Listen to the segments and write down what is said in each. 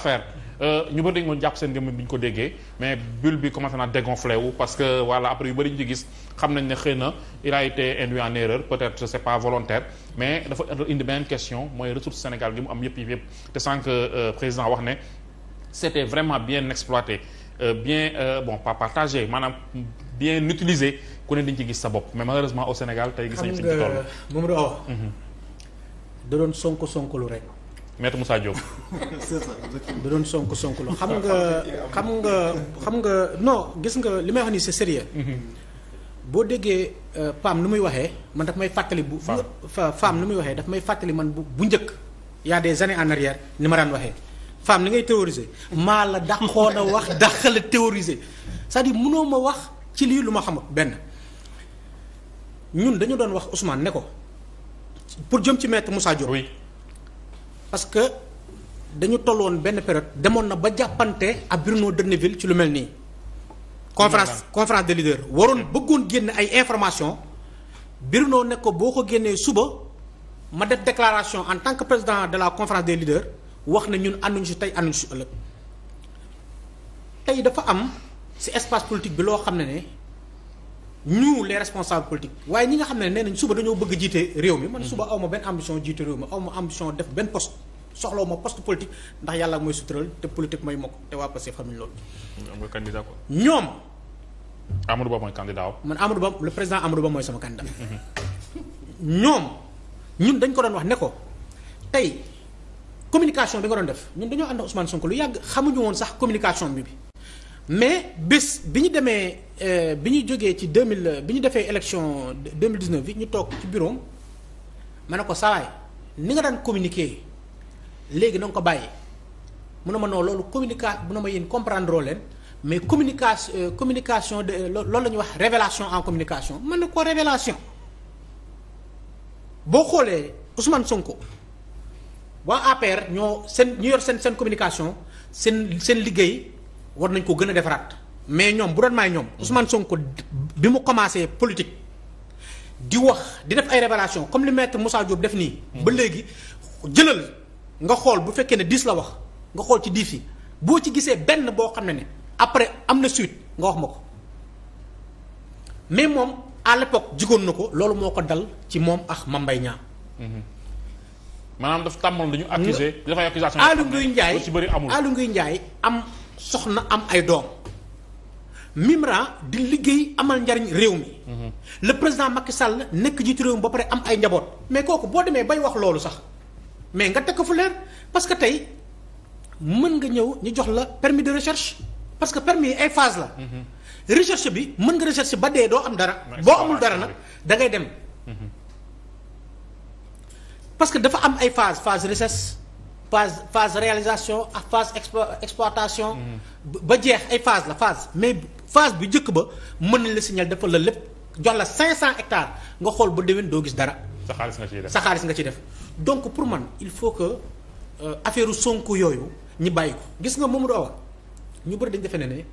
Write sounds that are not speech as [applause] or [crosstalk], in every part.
affaire euh, ñu bëri dañ mën jàpp seen ngëm bi ñu ko déggee mais bulle bi commencé naa dégonflé wu parce que voilà après yu bëri ñu ci gis xam nañ ne xëy na il a été induit en erreur peut-être c'est pas volontaire mais dafa indi question mooy ressource Sénégal gi mu am yëpp yëpp te sans euh, président wax ne c'était vraiment bien exploité euh, bien bon pas maanaam bien utilisé ku ne dañ ci gis sa bopp mais malheureusement au Sénégal tey gis nañu fi ñu ci toll maître Moussa Diop. [laughs] c'est da doon sonk sonk la xam nga xam nga xam nga non gis nga li may wax nii sa sérieux mhm. boo déggee euh, PAM nu muy waxee man daf may fàttali bu. PAM nu muy waxee daf may fàttali man bu bu njëkk y a des années en arrière ni ma daan waxee PAM ni ngay théoriser maa la dàqoon a wax [laughs] dàqa la théoriser c'est-à-dire ma wax ci lii lu ma xamul benn ñun dañu doon wax Ousmane ne ko pour jëm ci maître Moussa Diop. parce que dañu tolloon benn période demoon na ba jàppante à Bruno Derneville ci lu mel nii. conférence conférence des leaders waroon bëggoon génne ay information Bruno ne ko boo ko génnee suba ma def déclaration en tant que président de la conférence des leaders wax na ñun ànduñu si tey ànduñu si ëllëg tey dafa am si espace politique bi loo xam ne ne. ñu les responsables politiques waaye ñi nga xam ne nee nañ suba dañoo bëgg jiite réew mi man suba aw ma benn ambition jiite réew mi aw ma ambition def benn poste soxlaw ma poste politique ndax yàlla mooy sutural te politique mooy mokk te waa Pastef xamuñ loolu. am nga candidat quoi. ñoom. Amadou Ba mooy candidat man Amadou Ba le président Amadou Ba mooy sama candidat. ñoom ñun dañ ko doon wax ne ko tey communication bi nga doon def ñun dañoo ànd Ousmane Sonko lu yàgg xamuñu woon sax bi bi. mais bés bi ñu demee euh, bi ñu jógee ci deux mille bi ñu defee élection deux mille dix neuf bi ñu toog ci bureau ma ne ko sawaay ni nga daan communiquer léegi na ko bàyyi mun na ma noo loolu communication mun na ma yéen comprendre loo leen mais communication euh, communication de euh, loolu la ñuy wax révélation en communication man na ko révélation boo xoolee Ousmane Sonko waa APR ñoo seen ñu yor seen seen communication seen seen liggéey. war nañ ko gën a defaraat mais ñoom bu doon maay ñoom Ousmane Sonko bi mu commencé politique di wax di def ay révélation comme li maître Moussa def nii. Mm. ba léegi jëlal nga xool bu fekkee ne diis la wax nga xool ci dix yi boo ci gisee benn boo xam ne ni après am na suite nga wax ma ko mais moom à l'époque jigoon na ko loolu moo ko dal ci moom ak Mame Mbaye Niang. Mm-hmm. maanaam daf tàmmoon lu ñu accusé. dafay accusation Aly Ngouille Ndiaye Aly Ngouille Ndiaye am. soxna am ay doom Mimran di liggéey amal njariñ réew mi. Mhm. le président Macky Sall nekk jiitu réew mi ba pare am ay njaboot. mais kooku boo demee bay wax loolu sax mais nga teg ko fu leer parce que tey mën nga ñëw ñu jox la permis de recherche parce que permis yi ay phase la. Mhm. recherche bi mën nga recherche ba dee doo am dara. boo amul dara nag da ngay dem. Mhm. parce que dafa am ay phase phase recherche. phase phase réalisation ak phase expo exploitation. ba jeex ay phase la phase. mais phase bi njëkk ba mën nañ la signal dafa la lépp jox la cent hectares nga xool ba déwén doo gis dara. sa xaalis nga ciy def nga ciy def donc pour man il faut que euh, affaire sonk yooyu ñu bàyyi ko gis nga Mamadou Awa ñu bëri dañ defe ne ne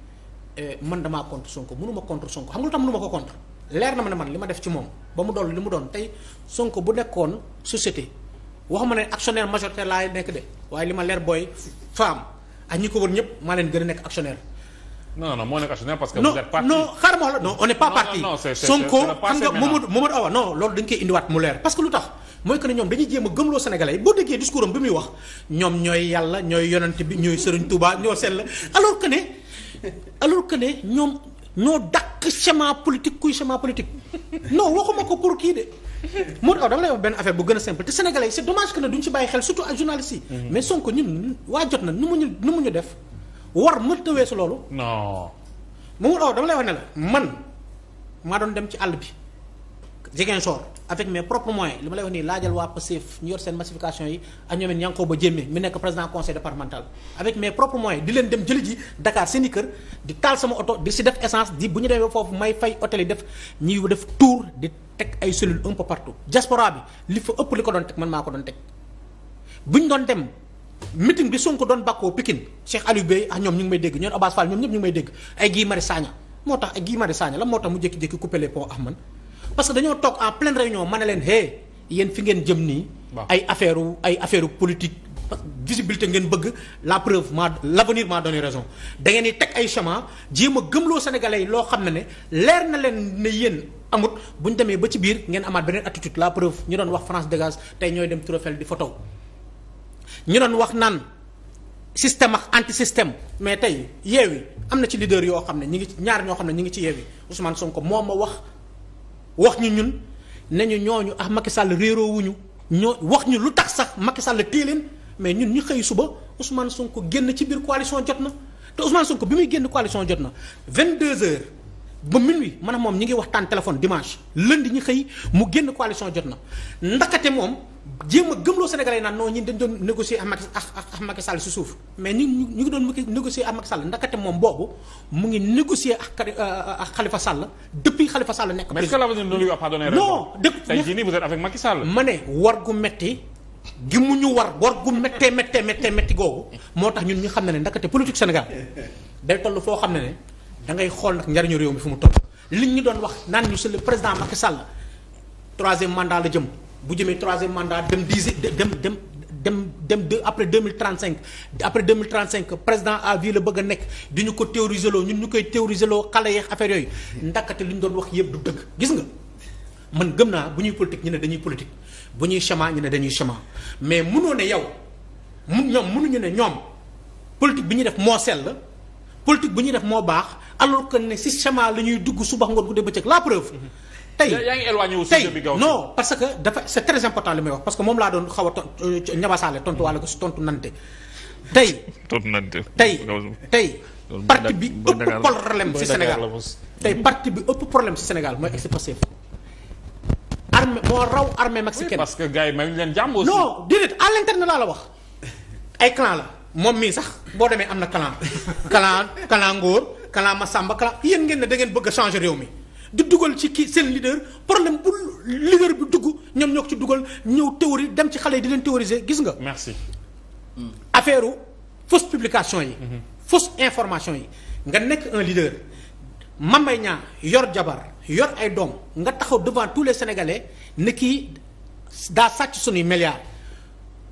eh, man damaa contre Sonko mënuma contre sonk xam nga lu tax mënuma ko contre leer na ne man li ma def ci moom ba mu doon li mu doon tey sonk bu nekkoon société. waxuma ne actionnaire majoritaire laay nekk de waaye li ma leer booy femme ak ñi ko wër ñëpp maa leen gën a nekk actionnaire. non non moo parce que. loolu dañ koy indiwaat mu leer parce que lu tax. mooy que ñoom dañuy jéem a gëmloo sénégalais bi muy wax ñoom ñooy yàlla ñooy yonent bi ñooy sëriñ Touba ñoo sell que ne alors que ne politique kuy schéma politique non waxuma ko pour kii de. [laughs] Modou Aw dama lay wax benn affaire bu gën a simple te sénégalais yi c'est dommage que ne duñ ci bàyyi xel surtout ak journalistes yi. Mhm. mais Sonko ñun waa jot na nu mu ñu nu mu ñu def war mënut a weesu loolu. non Modou Aw dama lay wax ne la man maa doon dem ci àll bi. Ziguinchor avec mes propres moyens li ma lay wax nii laajal waa Pastef ñu yor seen massification yi ak ñoom it ña ngi ko ba jéemee mi nekk président conseil départemental avec mes propres moyens di leen dem jëli ji Dakar seen i kër di taal sama oto di si def essence di bu ñu demee foofu may fay hôtel yi def ñuy def tour di teg ay cellules un peu partout diaspora bi li fa ëpp li ko doon teg man maa ko doon teg bu ñu doon dem meeting bi Sonko doon bàkkoo Pikine Cheikh Aliou Bey ak ah ñoom moo tax ay Guy Marius Sagna la moo parce que dañoo toog en pleine réunion ma ne leen hé yéen fi ngeen jëm nii. ay affaire ay affaire politique visibilité ngeen bëgg la preuve ma l' avenir m'a raison da ngeen di teg ay chemin jéem a gëmloo sénégalais yi loo xam ne ne leer na leen ne yéen amut bu ñu demee ba ci biir ngeen amaat beneen attitude la preuve ñu doon wax France dégage tey ñooy dem trophée di photo ñu doon wax naan système ak anti système mais tey yeewi am na ci leader yoo xam ne ñi ngi ñaar ñoo xam ne ñi ngi ci yeewi Ousmane Sonko moo ma wax. wax ñu ñun nañu ñooñu ah Macky Sall réeroo wuñu ñoo wax ñu lu tax sax Macky Sall téye mais ñun ñu xëy suba Ousmane Sonko génn ci biir coalition jot na te Ousmane ko bi muy génn coalition jot na 22h ba minuit man moom ñi ngi waxtaan téléphone dimanche lundi ñu xëy mu génn coalition jot na ndakate moom. jéem a gëmloo sénégalais naan non ñun dañ doon négocier ak Macky ak Macky Sall si suuf mais ñu ñu ñu ngi doon négocier ak Macky Sall ndakate moom boobu mu ngi négocier ak euh, euh, ak Khalifa Sall depuis xalifa Sall nekk. mais est-ce que l'avenir ne lui a pas donné raison. non dëgg tey jii nii ma ne war gu metti gi mu ñu war war gu méttee méttee méttee métti googu moo tax ñun ñu xam ne ne ndakate politique Sénégal day toll foo xam ne ne da ngay xool nag njariñu réew mi fu mu toll. liñ ñu doon wax naan ñu c'est le président Macky Sall troisième mandat la jëm. bu jëmee troisième mandat dem dix dem dem dem dem deux après deux mille trente cinq après deux mille trente cinq président à vie bëgg a nekk di ñu ko théoriser loo ñun ñu koy théoriser loo xale yeex affaire yooyu ndakate li ñu doon wax yëpp du dëgg gis nga man gëm naa bu ñuy politique ñu ne dañuy politique bu ñuy chemin ñu ne dañuy chemin mais mënoo ne yow mun ñoom mënuñu ne ñoom politique bi ñuy def moo sell politique bu ñu def moo baax alors que ne si chemin la ñuy dugg suba ngoon guddee bëccëg la preuve. tey yaa ngi éloigné wu sujet bi gaaw non parce que dafa c'est très important li may wax parce que moom laa doon xaw a ñabasaale euh, tontu waale ko si tontu nante tey. [laughs] tontu nante tey tey. parti bi ëpp problème si Sénégal tey parti bi ëpp problème si Sénégal mooy ex-Pastef armée moo raw armée mexicaine parce que gars yi may ñu leen jàmm aussi. non déedéet à l'interne laa la wax ay clan la moom mii sax boo demee am na clan [laughs] clan clan ngóor clan Masamba clan yéen ngeen ne dangeen bëgg a changer réew mi. di dugal ci kii seen leader problème bu leader bu dugg ñoom ñoo ko ci dugal ñëw théorie dem ci xale yi di leen théoriser gis nga. merci. affaire fausse publication yi. Mhm. fausse information yi nga nekk un leader. Mambay ñaa yor jabar yor ay doom nga taxaw devant tous les sénégalais ne kii daa sàcc suñuy milliards.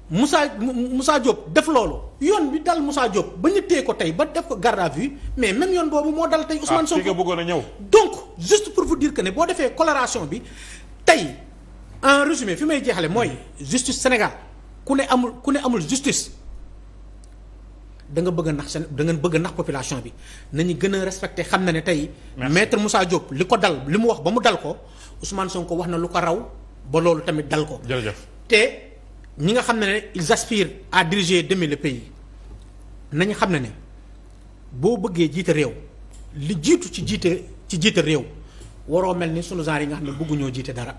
Moussa musaa Diop def loolu yoon bi dal Moussa Diop ba ñu téye ko tey ba def ko garde à vue mais même yoon boobu moo dal tey Ousmane ah, Sonko bëggoon a ñëw donc juste pour vous dire que ne boo defee coloration bi tey en résumé fi may jeexale mooy justice Sénégal ku ne amul ku ne amul justice da nga bëgg nax seen da nga bëgg a nax population bi nañu gën a respecté xam na ne tey maître Moussa Diop li ko dal li mu wax ba mu dal ko son ko wax na lu ko raw ba loolu tamit dal ko jërëjëf te ñi nga xam ne ne ils aspirent à diriger demi le pays nañu xam ne ne boo bëggee jiite réew li jiitu ci jiite ci jiite réew waroo mel ni sunu genre yi nga xam ne bëgguñoo jiite dara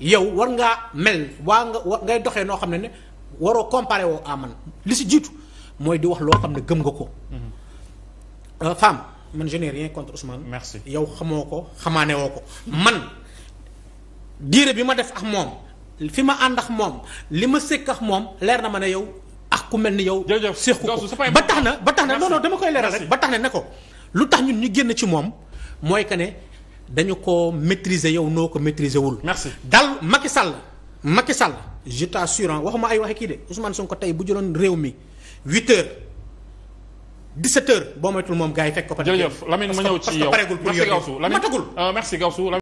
yow war ngaa mel waa nga war ngay doxee noo xam ne ne waroo comparé woo à man li si jiitu mooy di wax loo xam ne gëm nga ko. Mm-hmm. Euh, femme man je n'ai rien yow xamoo ko xamaane woo ko man diire bi ma def ak moom. fi ma ànd ak moom li ma sëkk ak moom leer na ma ne yow ak ku mel ni yow. jërëjëf seex ko ba tax na ba tax na non non dama koy leeral rek ba tax na ne ko lu tax ñu ñu génn ci moom mooy que ne dañu ko maîtriser yow noo ko maîtriser wul. merci daal Macky Sall Macky Sall je t'assure waxuma ay waxe kii de Ousmane ko tey bu jëloon réew mi 8 heures 17 heures boo moytul moom gars fekk ko. pareegul pour yow matagul euh,